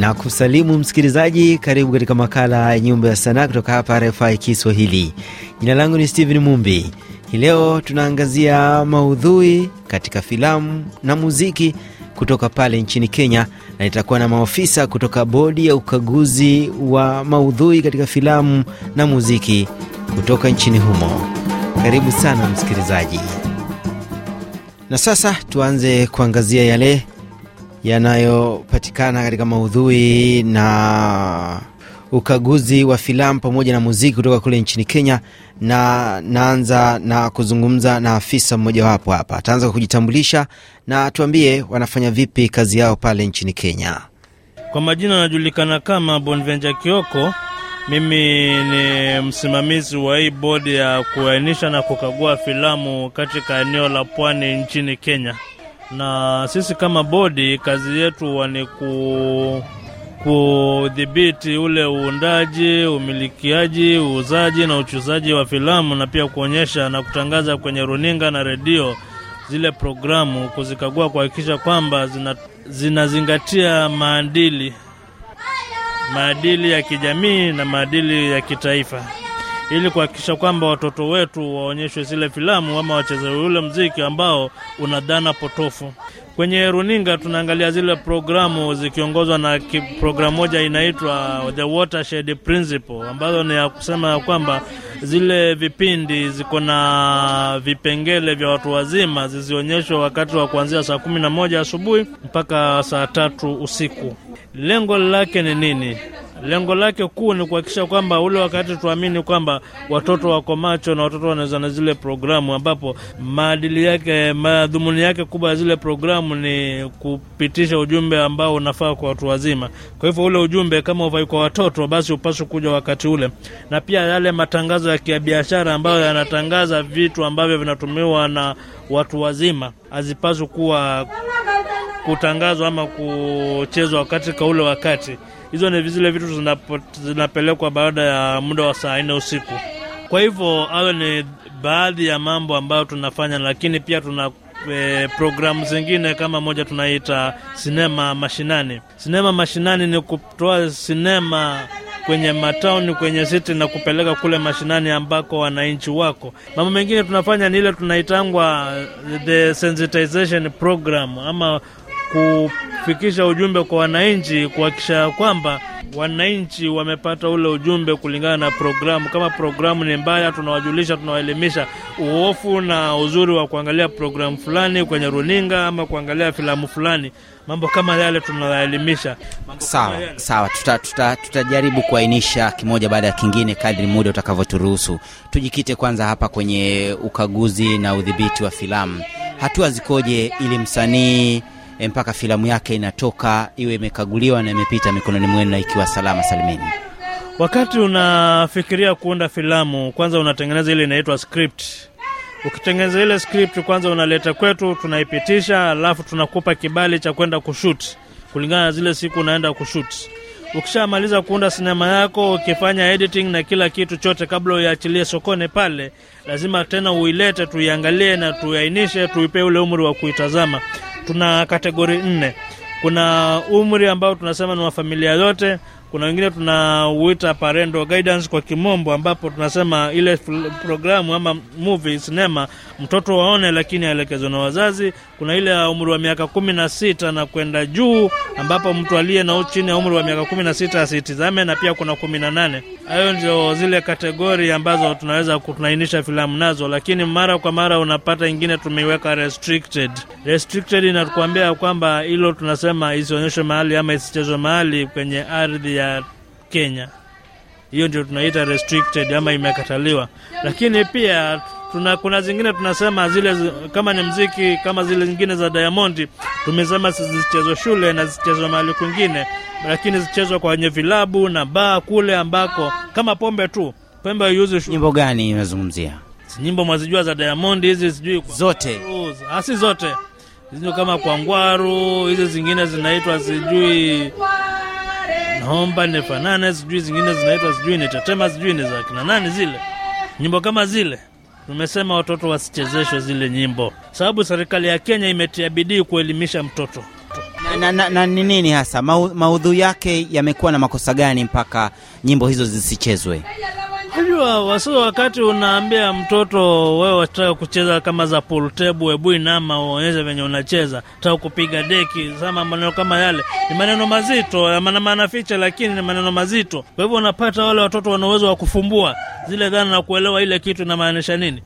na kusalimu msikilizaji, karibu katika makala ya Nyumba ya Sanaa kutoka hapa RFI Kiswahili. Jina langu ni Steven Mumbi. Hii leo tunaangazia maudhui katika filamu na muziki kutoka pale nchini Kenya, na itakuwa na maofisa kutoka bodi ya ukaguzi wa maudhui katika filamu na muziki kutoka nchini humo. Karibu sana msikilizaji, na sasa tuanze kuangazia yale yanayopatikana katika maudhui na ukaguzi wa filamu pamoja na muziki kutoka kule nchini Kenya, na naanza na kuzungumza na afisa mmojawapo hapa. Ataanza kwa kujitambulisha na tuambie wanafanya vipi kazi yao pale nchini Kenya. Kwa majina anajulikana kama Bonvenja Kioko. Mimi ni msimamizi wa hii bodi ya kuainisha na kukagua filamu katika eneo la pwani nchini Kenya na sisi kama bodi kazi yetu ni ku kudhibiti ule uundaji, umilikiaji, uuzaji na uchuzaji wa filamu na pia kuonyesha na kutangaza kwenye runinga na redio zile programu, kuzikagua, kuhakikisha kwamba zina, zinazingatia maadili maadili ya kijamii na maadili ya kitaifa ili kuhakikisha kwamba watoto wetu waonyeshwe zile filamu ama wacheze ule mziki ambao una dhana potofu. Kwenye runinga tunaangalia zile programu zikiongozwa na programu moja inaitwa The Watershed Principle, ambazo ni ya kusema ya kwamba zile vipindi ziko na vipengele vya watu wazima zizionyeshwa wakati wa kuanzia saa kumi na moja asubuhi mpaka saa tatu usiku. Lengo lake ni nini? lengo lake kuu ni kuhakikisha kwamba ule wakati tuamini kwamba watoto wako macho na watoto wanaweza na zile programu, ambapo maadili yake, madhumuni yake kubwa ya zile programu ni kupitisha ujumbe ambao unafaa kwa watu wazima. Kwa hivyo ule ujumbe kama uvai kwa watoto, basi upaswe kuja wakati ule, na pia yale matangazo ya kibiashara ambayo yanatangaza vitu ambavyo vinatumiwa na watu wazima hazipaswi kuwa kutangazwa ama kuchezwa katika ule wakati hizo ni zile vitu zinapelekwa baada ya muda wa saa nne usiku. Kwa hivyo hayo ni baadhi ya mambo ambayo tunafanya, lakini pia tuna E, programu zingine kama moja tunaita sinema mashinani. Sinema mashinani ni kutoa sinema kwenye matauni, kwenye siti na kupeleka kule mashinani ambako wananchi wako. Mambo mengine tunafanya ni ile tunaitangwa the sensitization program ama kufikisha ujumbe kwa wananchi, kuhakikisha kwamba wananchi wamepata ule ujumbe kulingana na programu. Kama programu ni mbaya, tunawajulisha, tunawaelimisha uofu na uzuri wa kuangalia programu fulani kwenye runinga ama kuangalia filamu fulani. Mambo kama yale tunawaelimisha. Sawa sawa, tutajaribu tuta, tuta kuainisha kimoja baada ya kingine kadri muda utakavyoturuhusu. Tujikite kwanza hapa kwenye ukaguzi na udhibiti wa filamu. Hatua zikoje ili msanii Eh, mpaka filamu yake inatoka iwe imekaguliwa na imepita mikononi mwenu na ikiwa salama salimini. Wakati unafikiria kuunda filamu, kwanza unatengeneza ile inaitwa script. Ukitengeneza ile script kwanza unaleta kwetu, tunaipitisha, alafu tunakupa kibali cha kwenda kushut kulingana na zile siku unaenda kushut. Ukishamaliza kuunda sinema yako, ukifanya editing na kila kitu chote, kabla uiachilie sokoni pale, lazima tena uilete tuiangalie na tuiainishe, tuipe ule umri wa kuitazama tuna kategori nne. Kuna umri ambao tunasema ni wa familia yote kuna wengine tunauita parendo guidance kwa kimombo, ambapo tunasema ile programu ama movie sinema mtoto waone, lakini aelekezwe na wazazi. Kuna ile ya umri wa miaka kumi na sita na kwenda juu, ambapo mtu aliye na chini ya umri wa miaka kumi na sita asitizame, na pia kuna kumi na nane. Hayo ndio zile kategori ambazo tunaweza kutunainisha filamu nazo, lakini mara kwa mara unapata ingine tumeiweka restricted. Restricted inatukuambia kwamba hilo tunasema isionyeshwe mahali ama isichezwe mahali kwenye ardhi ya Kenya. Hiyo ndio tunaita restricted ama imekataliwa, lakini pia tuna, kuna zingine tunasema zile kama ni mziki kama zile zingine za Diamond tumesema zisichezwe shule na zisichezwe mahali kwingine, lakini zichezwe kwenye vilabu na baa kule ambako kama pombe tu pombe haiuzwi. Nyimbo gani unazungumzia? Nyimbo mwazijua za Diamond hizi, sijui zote asi ah, zote zinyo kama kwa ngwaru hizi zingine zinaitwa sijui naomba nifanane, sijui zingine zinaitwa sijui ni tetema, sijui ni za kina nani zile nyimbo kama zile. Tumesema watoto wasichezeshwe zile nyimbo, sababu serikali ya Kenya imetia bidii kuelimisha mtoto na, na, na ni nini hasa maudhui yake yamekuwa na makosa gani mpaka nyimbo hizo zisichezwe? Unajua, wasi wakati unaambia mtoto wewe wataka kucheza kama za pool table, hebu inama uonyeshe venye unacheza, taka kupiga deki, sama maneno kama yale ni maneno mazito, yana maana ficha, lakini ni maneno mazito. Kwa hivyo unapata wale watoto wana uwezo wa kufumbua zile dhana na kuelewa ile kitu inamaanisha nini.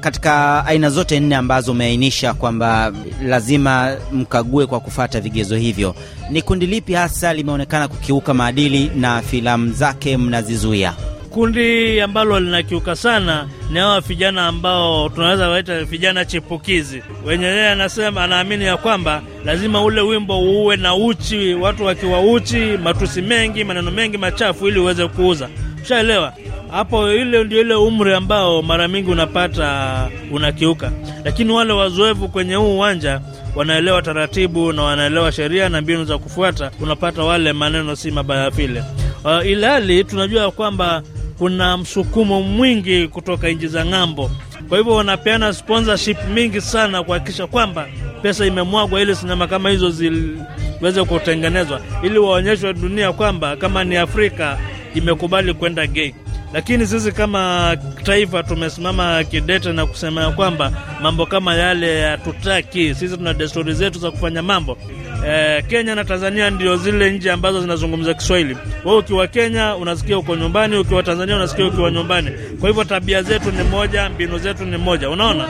Katika aina zote nne ambazo umeainisha kwamba lazima mkague kwa kufata vigezo hivyo, ni kundi lipi hasa limeonekana kukiuka maadili na filamu zake mnazizuia? kundi ambalo linakiuka sana ni hawa vijana ambao tunaweza waita vijana chipukizi, wenye yeye anasema anaamini ya kwamba lazima ule wimbo uwe na uchi, watu wakiwa uchi, matusi mengi, maneno mengi machafu, ili uweze kuuza. Ushaelewa hapo? Ile ndio ile umri ambao mara mingi unapata unakiuka, lakini wale wazoefu kwenye huu uwanja wanaelewa taratibu na wanaelewa sheria na mbinu za kufuata, unapata wale maneno si mabaya vile. Uh, ilhali tunajua kwamba kuna msukumo mwingi kutoka nchi za ng'ambo. Kwa hivyo wanapeana sponsorship mingi sana kuhakikisha kwamba pesa imemwagwa ili sinema kama hizo ziweze kutengenezwa, ili waonyeshwe dunia kwamba kama ni Afrika imekubali kwenda gay. Lakini sisi kama taifa tumesimama kidete na kusema ya kwamba mambo kama yale hatutaki. Sisi tuna desturi zetu za kufanya mambo eh, Kenya na Tanzania ndio zile nchi ambazo zinazungumza Kiswahili. Wewe ukiwa Kenya unasikia uko nyumbani, ukiwa Tanzania unasikia ukiwa nyumbani. Kwa hivyo tabia zetu ni moja, mbinu zetu ni moja, unaona.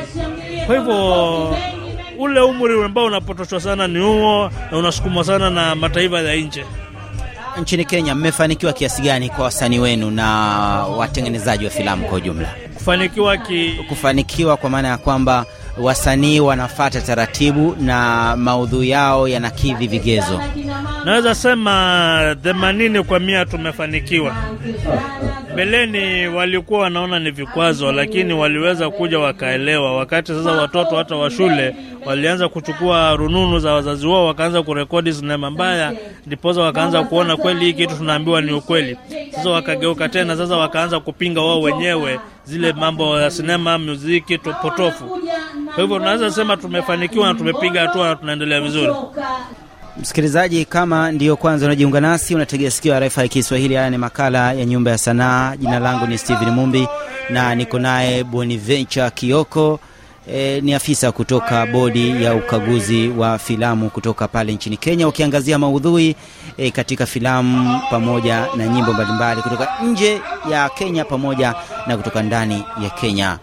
Kwa hivyo ule umri ambao unapotoshwa sana ni huo, na unasukumwa sana na mataifa ya nje. Nchini Kenya mmefanikiwa kiasi gani kwa wasanii wenu na watengenezaji wa filamu kwa ujumla? Kufanikiwa ki... kufanikiwa kwa maana ya kwamba wasanii wanafata taratibu na maudhui yao yanakidhi vigezo. Naweza sema themanini kwa mia tumefanikiwa. Mbeleni walikuwa wanaona ni vikwazo, lakini waliweza kuja wakaelewa. Wakati sasa watoto hata wa shule walianza kuchukua rununu za wazazi wao, wakaanza kurekodi sinema mbaya, ndiposa wakaanza kuona kweli hii kitu tunaambiwa ni ukweli. Sasa wakageuka tena, sasa wakaanza kupinga wao wenyewe zile mambo ya sinema, muziki potofu. Kwa hivyo tunaweza sema tumefanikiwa na tumepiga hatua na tunaendelea vizuri. Msikilizaji, kama ndiyo kwanza unajiunga nasi, unategea sikio ya RFI Kiswahili. Haya ni makala ya Nyumba ya Sanaa. Jina langu ni stehen Mumbi na niko naye Boniventure Kioko. E, ni afisa kutoka bodi ya ukaguzi wa filamu kutoka pale nchini Kenya, wakiangazia maudhui e, katika filamu pamoja na nyimbo mbalimbali kutoka nje ya Kenya pamoja na kutoka ndani ya Kenya.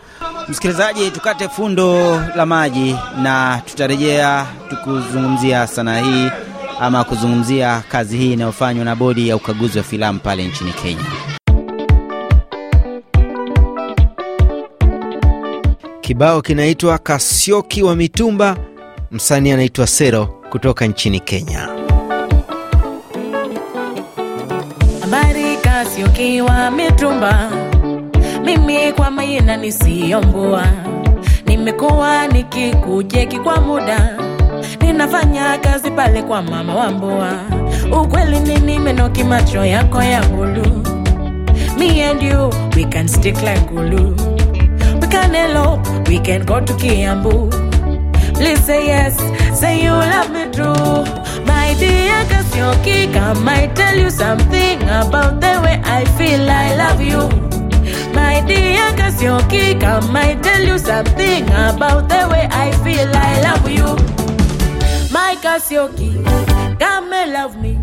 Msikilizaji, tukate fundo la maji na tutarejea tukuzungumzia sanaa hii ama kuzungumzia kazi hii inayofanywa na bodi ya ukaguzi wa filamu pale nchini Kenya. Kibao kinaitwa Kasioki wa Mitumba, msanii anaitwa Sero kutoka nchini Kenya. Habari Kasioki wa Mitumba, mimi kwa maina nisiyombua, nimekuwa nikikujeki kwa muda, ninafanya kazi pale kwa mama wa mboa Ukweli ni nimenoki macho yako ya bulu, me and you we can stick like glue Canelo, we can go to Kiambu. Please say yes, say you love me true. My dear Kasioki, I might tell you something about the way I feel I love you. My dear Kasioki, I might tell you something about the way I feel I love you. My Kasioki, come and love me.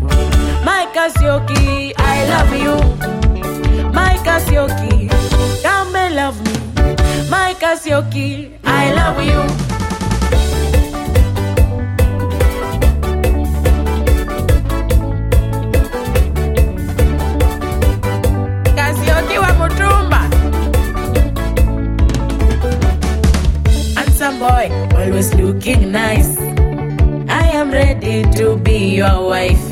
My Kasioki, I love you. My Kasioki, come and love me my Kasioki. I love you. boy, always looking nice. I am ready to be your wife.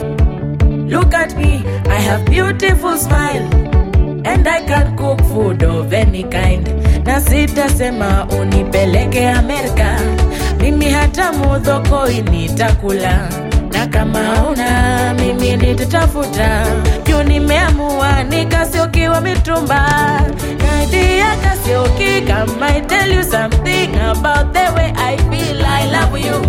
Look at me, I have beautiful smile, and I can cook food of any kind. na sitasema unipeleke Amerika, mimi hata mudhokoi nitakula, na kama una mimi nitatafuta, juu nimeamua nikasiokiwa mitumba naidia kasioki kama I tell you something about the way I feel I love you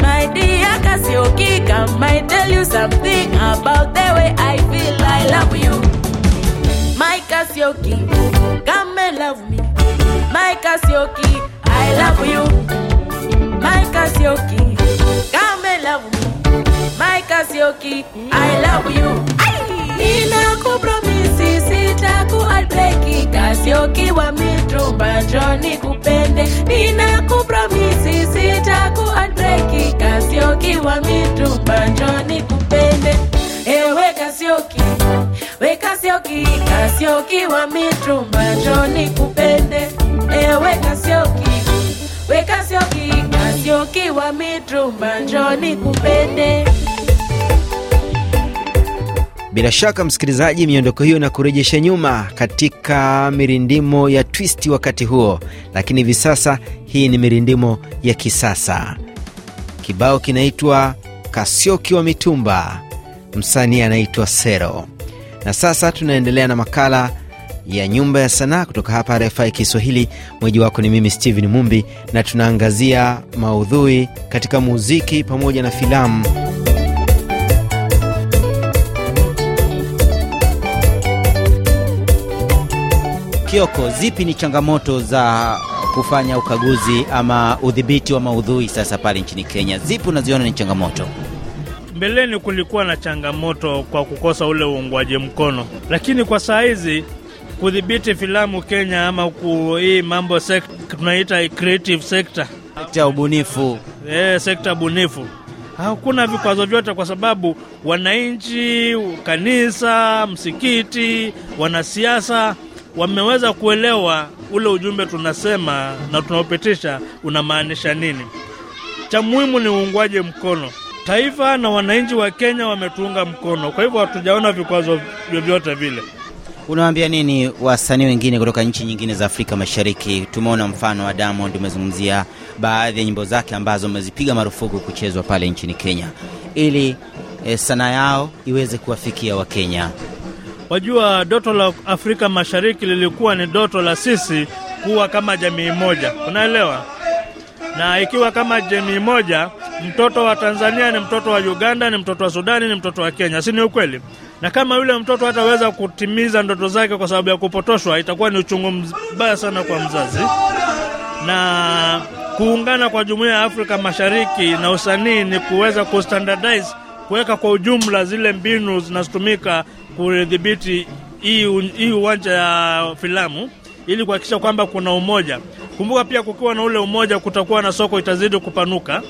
my dear Kasioki, come I tell you something about the way I feel I love you, my Kasioki my Kasioki. I love you, my Kasioki. Come and love me, my Kasioki. I love you. Nina kupromisi sitakualbeki Kasioki wa mitrumba njoni kupende Nina kupromisi sitakualbeki Kasioki wa mitrumba njoni kupende Ewe Kasioki, we Kasioki, Kasioki wa mitrumba njoni kupende Eh, njoni kupende bila shaka msikilizaji, miondoko hiyo inakurejesha nyuma katika mirindimo ya twist wakati huo, lakini hivi sasa hii ni mirindimo ya kisasa. Kibao kinaitwa Kasioki wa Mitumba, msanii anaitwa Sero. Na sasa tunaendelea na makala ya Nyumba ya Sanaa kutoka hapa RFI Kiswahili. Mweji wako ni mimi stehen Mumbi, na tunaangazia maudhui katika muziki pamoja na filamu. Kioko, zipi ni changamoto za kufanya ukaguzi ama udhibiti wa maudhui sasa pale nchini Kenya? Zipi unaziona ni changamoto? Mbeleni kulikuwa na changamoto kwa kukosa ule uungwaji mkono, lakini kwa saa hizi kudhibiti filamu Kenya ama hii mambo sekta, tunaita creative sector, sekta ubunifu e, eh, sekta bunifu hakuna vikwazo vyote, kwa sababu wananchi, kanisa, msikiti, wanasiasa wameweza kuelewa ule ujumbe tunasema na tunaopitisha unamaanisha nini. Cha muhimu ni uungwaji mkono. Taifa na wananchi wa Kenya wametuunga mkono, kwa hivyo hatujaona vikwazo vyovyote vile unawambia nini wasanii wengine kutoka nchi nyingine za Afrika Mashariki? Tumeona mfano wa Diamond, umezungumzia baadhi ya nyimbo zake ambazo umezipiga marufuku kuchezwa pale nchini Kenya ili e, sanaa yao iweze kuwafikia Wakenya. Wajua, doto la Afrika Mashariki lilikuwa ni doto la sisi kuwa kama jamii moja, unaelewa? Na ikiwa kama jamii moja, mtoto wa Tanzania ni mtoto wa Uganda, ni mtoto wa Sudani, ni mtoto wa Kenya, si ni ukweli? na kama yule mtoto hataweza kutimiza ndoto zake kwa sababu ya kupotoshwa, itakuwa ni uchungu mbaya sana kwa mzazi. Na kuungana kwa jumuiya ya Afrika Mashariki na usanii ni kuweza kustandardize, kuweka kwa ujumla zile mbinu zinazotumika kudhibiti hii uwanja ya filamu ili kuhakikisha kwamba kuna umoja. Kumbuka pia, kukiwa na ule umoja, kutakuwa na soko itazidi kupanuka.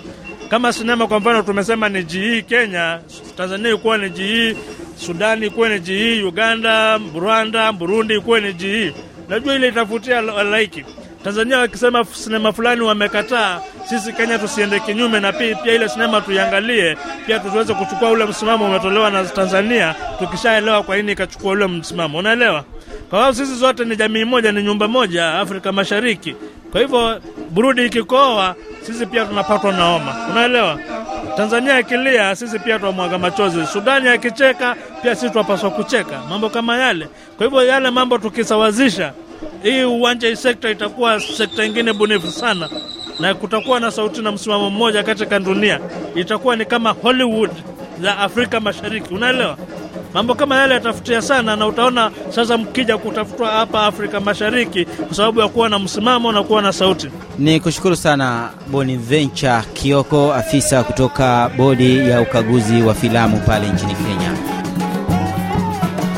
Kama sinema kwa mfano, tumesema ni GE Kenya, Tanzania ikuwa ni GE Sudani ikuwe ni ji hii, e, Uganda, Rwanda, Burundi ikuwe ni ji hii. E. Najua ile itavutia laiki. Tanzania wakisema sinema fulani wamekataa, sisi Kenya tusiende kinyume na pia, pia ile sinema tuiangalie, pia tuweze kuchukua ule msimamo umetolewa na Tanzania, tukishaelewa kwa nini ikachukua ule msimamo, unaelewa? Kwa sababu sisi zote ni jamii moja, ni nyumba moja Afrika Mashariki. Kwa hivyo Burundi ikikoa, sisi pia tunapatwa na homa, unaelewa? Tanzania ikilia, sisi pia twamwaga machozi. Sudani akicheka, pia sisi twapaswa kucheka, mambo kama yale. Kwa hivyo yale mambo tukisawazisha, hii uwanja, hii sekta itakuwa sekta ingine bunifu sana, na kutakuwa na sauti na msimamo mmoja katika dunia. Itakuwa ni kama Hollywood za Afrika Mashariki, unaelewa? Mambo kama yale yatafutia sana, na utaona sasa mkija kutafutwa hapa Afrika Mashariki kwa sababu ya kuwa na msimamo na kuwa na sauti. Ni kushukuru sana Bonaventure Kioko, afisa kutoka bodi ya ukaguzi wa filamu pale nchini Kenya.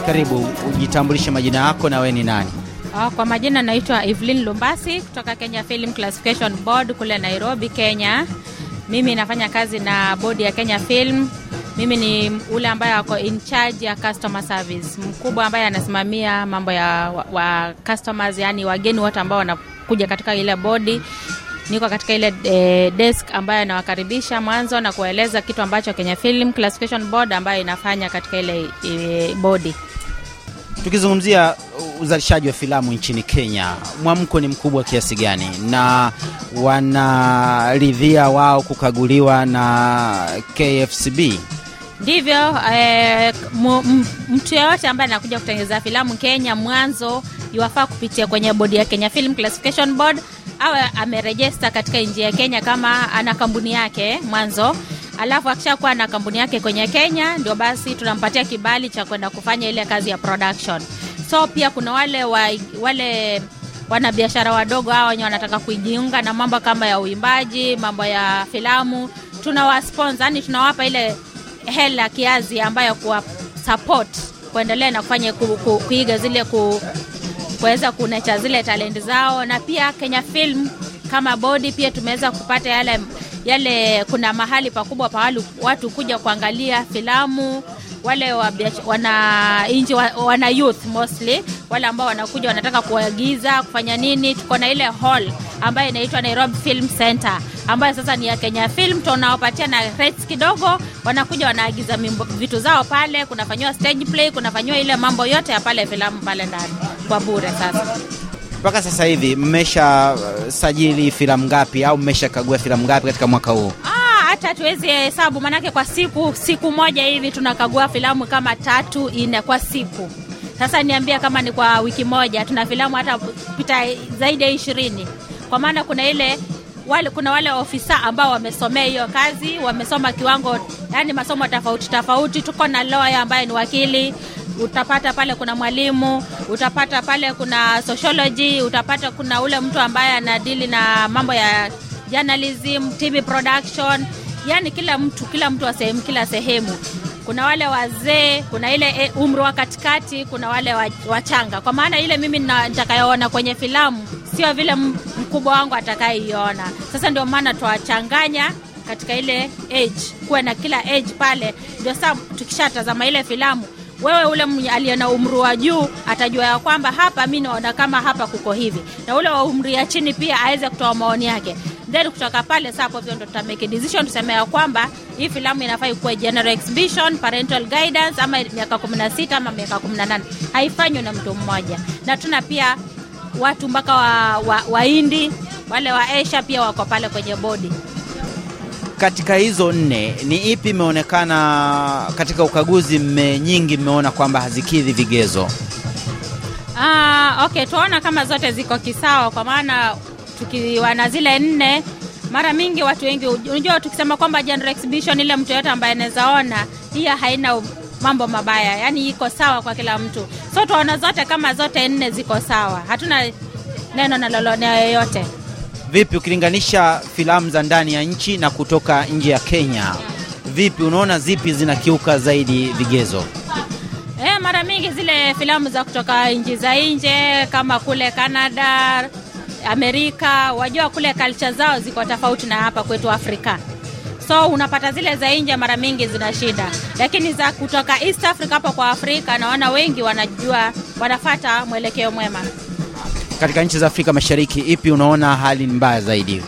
Karibu, ujitambulishe majina yako na wewe ni nani? Oh, kwa majina naitwa Evelyn Lumbasi kutoka Kenya Film Classification Board kule Nairobi, Kenya. Mimi nafanya kazi na bodi ya Kenya Film mimi ni ule ambaye ako in charge ya customer service, mkubwa ambaye anasimamia mambo ya wa, wa customers, yani wageni wote ambao wanakuja katika ile bodi. Niko katika ile e, desk ambayo anawakaribisha mwanzo na kuwaeleza kitu ambacho Kenya Film Classification Board ambayo inafanya katika ile e, eh, bodi. Tukizungumzia uzalishaji wa filamu nchini Kenya, mwamko ni mkubwa kiasi gani, na wanaridhia wao kukaguliwa na KFCB? Ndivyo eh, mtu yeyote ambaye anakuja kutengeneza filamu Kenya mwanzo iwafaa kupitia kwenye bodi ya Kenya Film Classification Board awe amerejesta katika nji ya Kenya kama ana kampuni yake mwanzo, alafu akishakuwa na kampuni yake kwenye Kenya ndio basi tunampatia kibali cha kwenda kufanya ile kazi ya production. So pia kuna wale wa, wale wanabiashara wadogo hawa wenye wanataka kujiunga na mambo kama ya uimbaji, mambo ya filamu, tunawa yani tunawapa ile hela kiasi ambayo kuwa support kuendelea na kufanya ku, ku, kuiga zile ku, kuweza kunecha zile talenti zao, na pia Kenya Film kama bodi pia tumeweza kupata yale yale, kuna mahali pakubwa pa watu kuja kuangalia filamu wale wana inji wana youth mostly wale ambao wanakuja wanataka kuagiza kufanya nini. Tuko na ile hall ambayo inaitwa Nairobi Film Center ambayo sasa ni ya Kenya Film. Tunawapatia na rates kidogo, wanakuja wanaagiza vitu zao pale, kunafanyiwa stage play, kunafanyiwa ile mambo yote ya pale filamu pale ndani kwa bure. Sasa mpaka sasa hivi mmesha uh, sajili filamu ngapi au mmeshakagua filamu ngapi katika mwaka huu? Ah, hata tuwezi hesabu manake, kwa siku siku moja hivi tunakagua filamu kama tatu ine kwa siku. Sasa niambia, kama ni kwa wiki moja tuna filamu hata pita zaidi ya ishirini, kwa maana kuna ile wale, kuna wale ofisa ambao wamesomea hiyo kazi, wamesoma kiwango, yani masomo tofauti tofauti. Tuko na lawyer ambaye ni wakili utapata pale kuna mwalimu, utapata pale kuna sociology, utapata kuna ule mtu ambaye anadili na mambo ya journalism, TV production, yani kila mtu, kila mtu wa sehemu, kila sehemu kuna wale wazee, kuna ile eh, umri wa katikati, kuna wale wachanga. Kwa maana ile mimi nitakayoona kwenye filamu sio vile mkubwa wangu atakayeiona. Sasa ndio maana twawachanganya katika ile age, kuwe na kila age pale, ndio saa tukishatazama ile filamu wewe ule aliye na umri wa juu atajua ya kwamba hapa mi naona kama hapa kuko hivi, na ule wa umri ya chini pia aweze kutoa maoni yake. Then kutoka pale sasa, hivyo ndo tutamake decision tuseme ya kwamba hii filamu inafaa ikuwe general exhibition, parental guidance ama miaka 16 ama miaka 18. Haifanywi na mtu mmoja, na tuna pia watu mpaka waindi wa, wa wale wa Asia pia wako pale kwenye bodi. Katika hizo nne ni ipi imeonekana katika ukaguzi mme nyingi mmeona kwamba hazikidhi vigezo? Ah, okay, tuona kama zote ziko kisawa kwa maana tukiwa na zile nne mara mingi watu wengi unajua tukisema kwamba general exhibition ile mtu yoyote ambaye anawezaona hiyo haina mambo mabaya yaani iko sawa kwa kila mtu so tuaona zote kama zote nne ziko sawa hatuna neno na lolonea yoyote vipi ukilinganisha filamu za ndani ya nchi na kutoka nje ya kenya vipi unaona zipi zinakiuka zaidi vigezo e, mara mingi zile filamu za kutoka nchi za nje kama kule canada Amerika, wajua kule kalcha zao ziko tofauti na hapa kwetu Afrika. So unapata zile za nje mara mingi zina shida, lakini za kutoka East Africa hapo kwa Afrika naona wengi wanajua, wanafata mwelekeo mwema. Katika nchi za Afrika Mashariki, ipi unaona hali ni mbaya zaidi?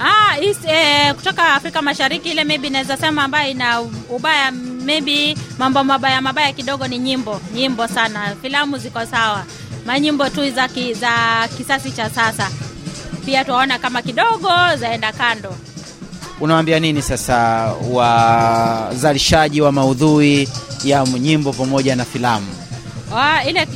Ah, East, eh, kutoka Afrika Mashariki ile maybe naweza sema ambayo ina ubaya maybe mambo mabaya mabaya kidogo ni nyimbo, nyimbo sana. Filamu ziko sawa manyimbo tu za, ki, za kisasi cha sasa pia tuwaona kama kidogo zaenda kando. Unawaambia nini sasa wazalishaji wa maudhui ya nyimbo pamoja na filamu? ile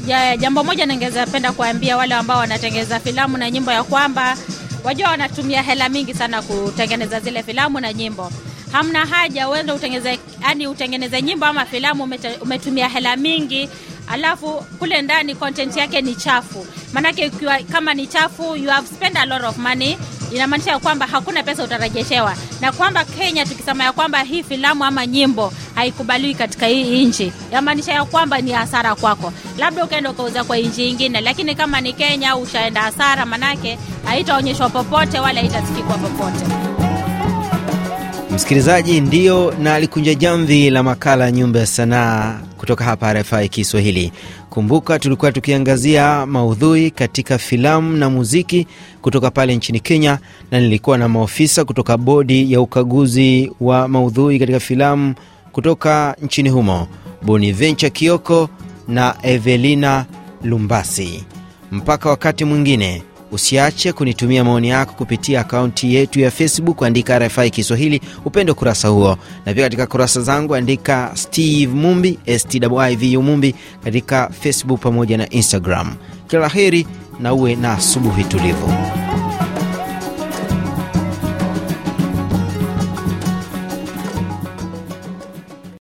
jambo moja ningeweza penda kuambia wale ambao wanatengeneza filamu na nyimbo ya kwamba wajua wanatumia hela mingi sana kutengeneza zile filamu na nyimbo. Hamna haja uende utengeneze, yani utengeneze nyimbo ama filamu umetumia hela mingi alafu kule ndani content yake ni chafu. manake ukiwa kama ni chafu, you have spent a lot of money inamaanisha ya kwamba hakuna pesa utarejeshewa, na kwamba Kenya tukisema ya kwamba hii filamu ama nyimbo haikubaliwi katika hii nchi, yamaanisha ya kwamba ni hasara kwako. Labda ukaenda ukauza kwa nchi ingine, lakini kama ni Kenya ushaenda hasara, manake haitaonyeshwa popote wala haitasikikwa popote. Msikilizaji, ndio na alikunja jamvi la makala ya Nyumba ya Sanaa kutoka hapa RFI Kiswahili. Kumbuka tulikuwa tukiangazia maudhui katika filamu na muziki kutoka pale nchini Kenya, na nilikuwa na maofisa kutoka bodi ya ukaguzi wa maudhui katika filamu kutoka nchini humo, Bonaventure Kioko na Evelina Lumbasi. Mpaka wakati mwingine. Usiache kunitumia maoni yako kupitia akaunti yetu ya Facebook, andika RFI Kiswahili, upende ukurasa huo, na pia katika kurasa zangu andika Steve Mumbi, Stivu Mumbi katika Facebook pamoja na Instagram. Kila la heri na uwe na asubuhi tulivu.